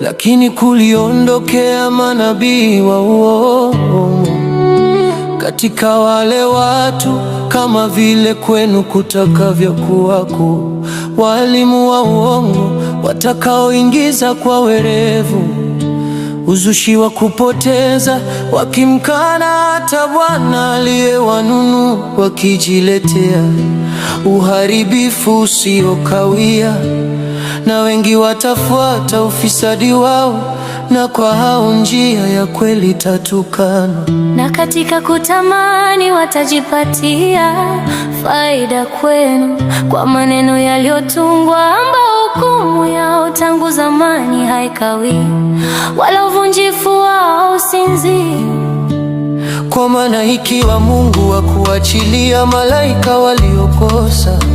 lakini kuliondokea manabii wa uongo katika wale watu, kama vile kwenu kutakavyokuwako walimu wa uongo watakaoingiza kwa werevu uzushi wa kupoteza, wakimkana hata Bwana aliyewanunua, wakijiletea uharibifu usiokawia na wengi watafuata ufisadi wao, na kwa hao njia ya kweli tatukanwa. Na katika kutamani watajipatia faida kwenu kwa maneno yaliyotungwa, ambao hukumu yao tangu zamani haikawii, wala uvunjifu wao usinzi kwa maana ikiwa Mungu hakuachilia malaika waliokosa,